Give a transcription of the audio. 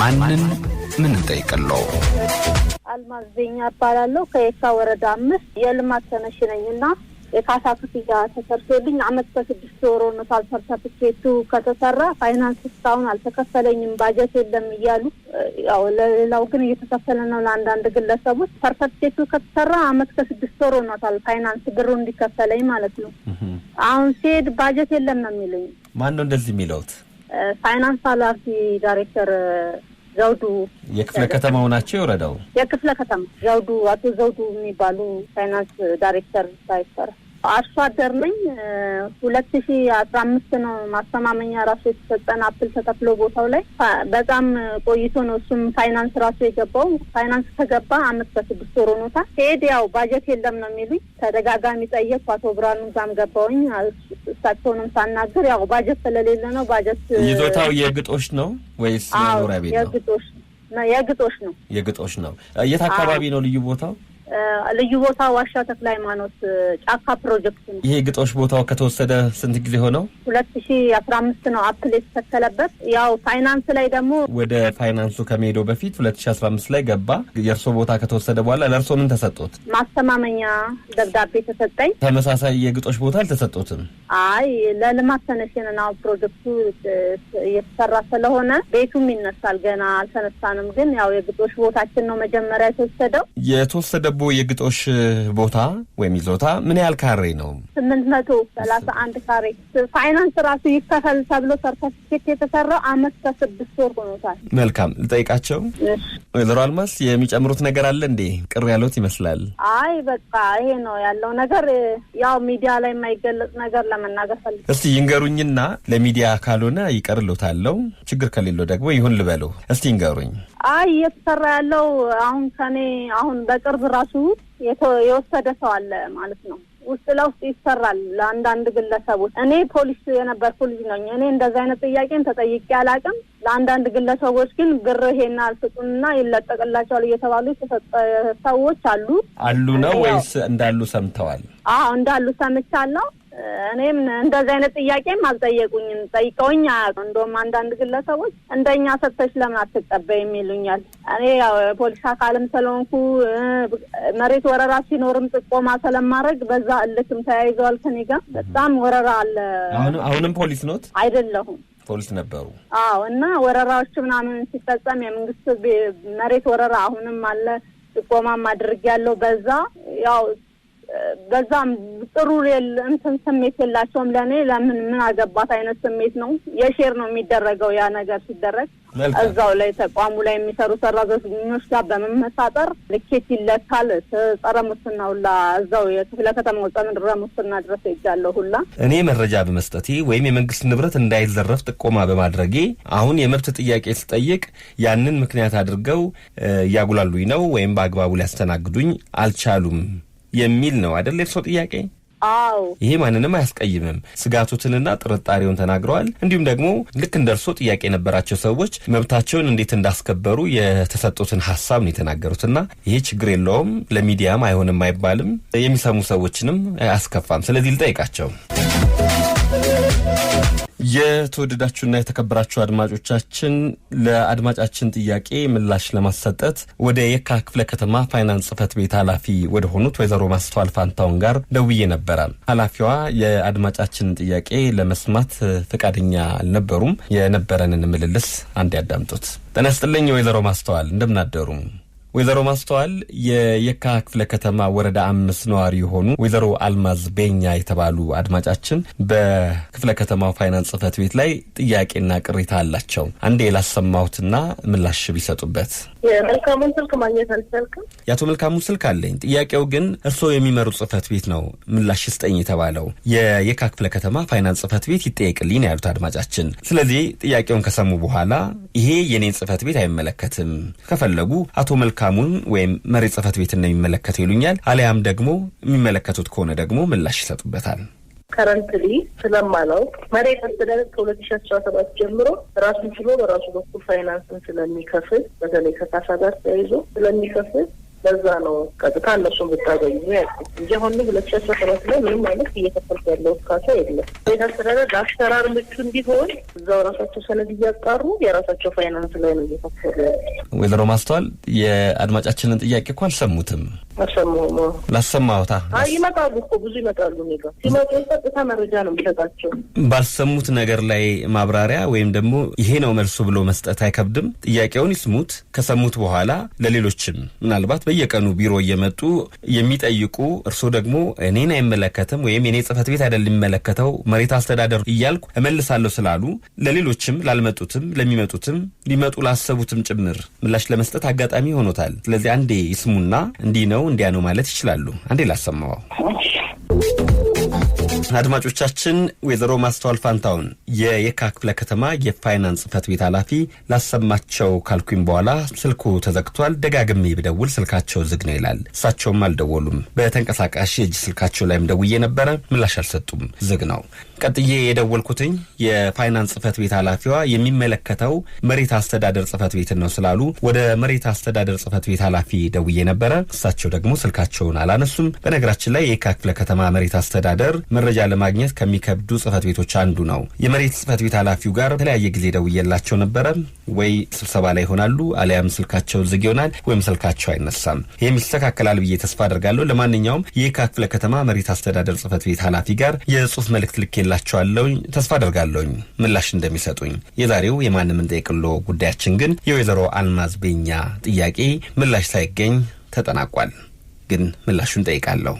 ማንን ምን እንጠይቅለው? አልማዝ ዜና እባላለሁ ከየካ ወረዳ አምስት የልማት ተነሽ ነኝ እና የካሳ ክፍያ ተሰርቶልኝ አመት ከስድስት ወር ሆኖታል። ሰርተፍኬቱ ከተሰራ ፋይናንስ እስካሁን አልተከፈለኝም፣ ባጀት የለም እያሉ ያው ለሌላው ግን እየተከፈለ ነው ለአንዳንድ ግለሰቦች። ሰርተፍኬቱ ከተሰራ አመት ከስድስት ወር ሆኖታል፣ ፋይናንስ ብሩ እንዲከፈለኝ ማለት ነው። አሁን ሲሄድ ባጀት የለም ነው የሚሉኝ። ማን ነው እንደዚህ የሚለውት? ፋይናንስ ኃላፊ ዳይሬክተር ዘውዱ የክፍለ ከተማው ናቸው። የወረዳው የክፍለ ከተማ ዘውዱ አቶ ዘውዱ የሚባሉ ፋይናንስ ዳይሬክተር ዳይሬክተር አርሶ አደር ነኝ። ሁለት ሺ አስራ አምስት ነው ማስተማመኛ ራሱ የተሰጠን አፕል ተተክሎ ቦታው ላይ በጣም ቆይቶ ነው እሱም ፋይናንስ ራሱ የገባው። ፋይናንስ ከገባ አመት በስድስት ወር ሆኖታል። ሄድ ያው ባጀት የለም ነው የሚሉኝ። ተደጋጋሚ ጠየቅ አቶ ብርሃኑ ዛም ገባውኝ። እሳቸውንም ሳናገር ያው ባጀት ስለሌለ ነው። ባጀት ይዞታው የግጦሽ ነው ወይስ መኖሪያ ቤት ነው? የግጦሽ ነው። የግጦሽ ነው። የት አካባቢ ነው ልዩ ቦታው? ልዩ ቦታ ዋሻ ተክለ ሃይማኖት ጫካ ፕሮጀክት። ይሄ ግጦሽ ቦታው ከተወሰደ ስንት ጊዜ ሆነው? ሁለት ሺ አስራ አምስት ነው አፕል የተተከለበት። ያው ፋይናንስ ላይ ደግሞ ወደ ፋይናንሱ ከመሄደው በፊት ሁለት ሺ አስራ አምስት ላይ ገባ። የእርሶ ቦታ ከተወሰደ በኋላ ለእርሶ ምን ተሰጦት? ማስተማመኛ ደብዳቤ ተሰጠኝ። ተመሳሳይ የግጦሽ ቦታ አልተሰጦትም። አይ ለልማት ተነሽንና ፕሮጀክቱ እየተሰራ ስለሆነ ቤቱም ይነሳል። ገና አልተነሳንም፣ ግን ያው የግጦሽ ቦታችን ነው መጀመሪያ የተወሰደው የተወሰደ የአርቦ የግጦሽ ቦታ ወይም ይዞታ ምን ያህል ካሬ ነው? ስምንት መቶ ሰላሳ አንድ ካሬ ፋይናንስ ራሱ ይከፈል ተብሎ ሰርተፊኬት የተሰራው አመት ከስድስት ወር ሆኖታል። መልካም ልጠይቃቸው። ወይዘሮ አልማስ የሚጨምሩት ነገር አለ እንዴ? ቅር ያሉት ይመስላል። አይ በቃ ይሄ ነው ያለው ነገር። ያው ሚዲያ ላይ የማይገለጽ ነገር ለመናገር ፈል እስቲ ይንገሩኝና ለሚዲያ ካልሆነ ይቀርልታለው፣ ችግር ከሌለው ደግሞ ይሁን ልበለው። እስቲ ይንገሩኝ። አይ እየተሰራ ያለው አሁን ከኔ አሁን በቅርብ ራሱ ራሱ የወሰደ ሰው አለ ማለት ነው። ውስጥ ለውስጥ ይሰራል ለአንዳንድ ግለሰቦች። እኔ ፖሊስ የነበርኩ ልጅ ነኝ። እኔ እንደዚህ አይነት ጥያቄን ተጠይቄ አላውቅም። ለአንዳንድ ግለሰቦች ግን ብር ይሄን አልስጡንና ይለጠቅላቸዋል እየተባሉ የተሰጠ ሰዎች አሉ። አሉ ነው ወይስ እንዳሉ ሰምተዋል? አዎ እንዳሉ ሰምቻለሁ። እኔም እንደዚህ አይነት ጥያቄም አልጠየቁኝም፣ ጠይቀውኝ አያውቁም። እንደውም አንዳንድ ግለሰቦች እንደኛ ሰጥተሽ ለምን አትቀበይም ይሉኛል። እኔ ያው የፖሊስ አካልም ስለሆንኩ መሬት ወረራ ሲኖርም ጥቆማ ስለማድረግ በዛ እልክም ተያይዘዋል ከኔ ጋር በጣም ወረራ አለ። አሁንም ፖሊስ ኖት አይደለሁም ፖሊስ ነበሩ። አዎ። እና ወረራዎች ምናምን ሲፈጸም የመንግስት መሬት ወረራ አሁንም አለ ጥቆማም አድርጌያለሁ። በዛ ያው በዛም ጥሩ እንትን ስሜት የላቸውም። ለእኔ ለምን ምን አገባት አይነት ስሜት ነው። የሼር ነው የሚደረገው ያ ነገር ሲደረግ እዛው ላይ ተቋሙ ላይ የሚሰሩ ሰራተኞች ጋር በመመሳጠር ልኬት ይለካል። ጸረ ሙስና ሁላ እዛው የክፍለ ከተማ ጸረ ሙስና ድረስ ይጃለሁ ሁላ። እኔ መረጃ በመስጠቴ ወይም የመንግስት ንብረት እንዳይዘረፍ ጥቆማ በማድረጌ አሁን የመብት ጥያቄ ስጠይቅ ያንን ምክንያት አድርገው እያጉላሉኝ ነው ወይም በአግባቡ ሊያስተናግዱኝ አልቻሉም የሚል ነው አይደል የእርስዎ ጥያቄ? አዎ ይሄ ማንንም አያስቀይምም። ስጋቱትንና ጥርጣሬውን ተናግረዋል። እንዲሁም ደግሞ ልክ እንደ እርሶ ጥያቄ የነበራቸው ሰዎች መብታቸውን እንዴት እንዳስከበሩ የተሰጡትን ሀሳብ ነው የተናገሩትና ይሄ ችግር የለውም ለሚዲያም አይሆንም አይባልም፣ የሚሰሙ ሰዎችንም አያስከፋም። ስለዚህ ልጠይቃቸው የተወደዳችሁና የተከበራችሁ አድማጮቻችን ለአድማጫችን ጥያቄ ምላሽ ለማሰጠት ወደ የካ ክፍለ ከተማ ፋይናንስ ጽህፈት ቤት ኃላፊ ወደ ሆኑት ወይዘሮ ማስተዋል ፋንታውን ጋር ደውዬ ነበረ። ኃላፊዋ የአድማጫችንን ጥያቄ ለመስማት ፈቃደኛ አልነበሩም። የነበረንን ምልልስ አንድ ያዳምጡት። ጤና ይስጥልኝ ወይዘሮ ማስተዋል እንደምናደሩም። ወይዘሮ ማስተዋል የየካ ክፍለ ከተማ ወረዳ አምስት ነዋሪ የሆኑ ወይዘሮ አልማዝ ቤኛ የተባሉ አድማጫችን በክፍለ ከተማው ፋይናንስ ጽህፈት ቤት ላይ ጥያቄና ቅሬታ አላቸው። አንዴ ላሰማሁትና ምላሽ ቢሰጡበት። የመልካሙን ስልክ ማግኘት አልቻልክም? የአቶ መልካሙ ስልክ አለኝ። ጥያቄው ግን እርስዎ የሚመሩ ጽህፈት ቤት ነው ምላሽ ስጠኝ የተባለው የየካ ክፍለ ከተማ ፋይናንስ ጽህፈት ቤት ይጠየቅልኝ ያሉት አድማጫችን። ስለዚህ ጥያቄውን ከሰሙ በኋላ ይሄ የኔን ጽህፈት ቤት አይመለከትም፣ ከፈለጉ አቶ መልካ መልካሙን ወይም መሬት ጽህፈት ቤትን ነው የሚመለከተው ይሉኛል። አሊያም ደግሞ የሚመለከቱት ከሆነ ደግሞ ምላሽ ይሰጡበታል። ከረንትሊ ስለማላውቅ መሬት አስተዳደር ከሁለት ሺ አስራ ሰባት ጀምሮ ራሱን ችሎ በራሱ በኩል ፋይናንስን ስለሚከፍል በተለይ ከካሳ ጋር ተያይዞ ስለሚከፍል ለዛ ነው ቀጥታ እነሱን ብታገኙ ያ እንጂ አሁን ሁለት ሺ አስራ ሰባት ላይ ምንም አይነት እየተፈልኩ ያለው ካሳ የለም። ቤት አስተዳደር ለአሰራር ምቹ እንዲሆን እዛው ራሳቸው ሰነድ እያጣሩ የራሳቸው ፋይናንስ ላይ ነው እየተፈሉ ያለ። ወይዘሮ ማስተዋል የአድማጫችንን ጥያቄ እኮ አልሰሙትም። አልሰማሁም። ላሰማሁታ ይመጣሉ እኮ ብዙ ይመጣሉ። ሜጋ ሲመጡ ቀጥታ መረጃ ነው የሚሰጣቸው። ባልሰሙት ነገር ላይ ማብራሪያ ወይም ደግሞ ይሄ ነው መልሱ ብሎ መስጠት አይከብድም። ጥያቄውን ይስሙት። ከሰሙት በኋላ ለሌሎችም ምናልባት በየቀኑ ቢሮ እየመጡ የሚጠይቁ እርስዎ ደግሞ እኔን አይመለከትም ወይም የኔ ጽህፈት ቤት አይደል የሚመለከተው መሬት አስተዳደር እያልኩ እመልሳለሁ ስላሉ ለሌሎችም ላልመጡትም ለሚመጡትም ሊመጡ ላሰቡትም ጭምር ምላሽ ለመስጠት አጋጣሚ ሆኖታል። ስለዚህ አንዴ ይስሙና እንዲህ ነው እንዲያ ነው ማለት ይችላሉ። አንዴ ላሰማዋው አድማጮቻችን ወይዘሮ ማስተዋል ፋንታውን የየካ ክፍለ ከተማ የፋይናንስ ጽህፈት ቤት ኃላፊ ላሰማቸው ካልኩኝ በኋላ ስልኩ ተዘግቷል። ደጋግሜ ብደውል ስልካቸው ዝግ ነው ይላል። እሳቸውም አልደወሉም። በተንቀሳቃሽ የእጅ ስልካቸው ላይም ደውዬ ነበረ፣ ምላሽ አልሰጡም፣ ዝግ ነው። ቀጥዬ የደወልኩትኝ የፋይናንስ ጽህፈት ቤት ኃላፊዋ የሚመለከተው መሬት አስተዳደር ጽህፈት ቤትን ነው ስላሉ ወደ መሬት አስተዳደር ጽህፈት ቤት ኃላፊ ደውዬ ነበረ። እሳቸው ደግሞ ስልካቸውን አላነሱም። በነገራችን ላይ የየካ ክፍለ ከተማ መሬት አስተዳደር መረጃ መረጃ ለማግኘት ከሚከብዱ ጽህፈት ቤቶች አንዱ ነው። የመሬት ጽህፈት ቤት ኃላፊው ጋር የተለያየ ጊዜ ደውዬላቸው ነበረ። ወይ ስብሰባ ላይ ይሆናሉ፣ አሊያም ስልካቸው ዝግ ይሆናል፣ ወይም ስልካቸው አይነሳም። ይህም ይስተካከላል ብዬ ተስፋ አደርጋለሁ። ለማንኛውም የካ ክፍለ ከተማ መሬት አስተዳደር ጽህፈት ቤት ኃላፊ ጋር የጽሁፍ መልእክት ልኬላቸዋለሁኝ። ተስፋ አደርጋለሁኝ ምላሽ እንደሚሰጡኝ። የዛሬው የማንም እንጠይቅሎ ጉዳያችን ግን የወይዘሮ አልማዝ ቤኛ ጥያቄ ምላሽ ሳይገኝ ተጠናቋል። ግን ምላሹን ጠይቃለሁ።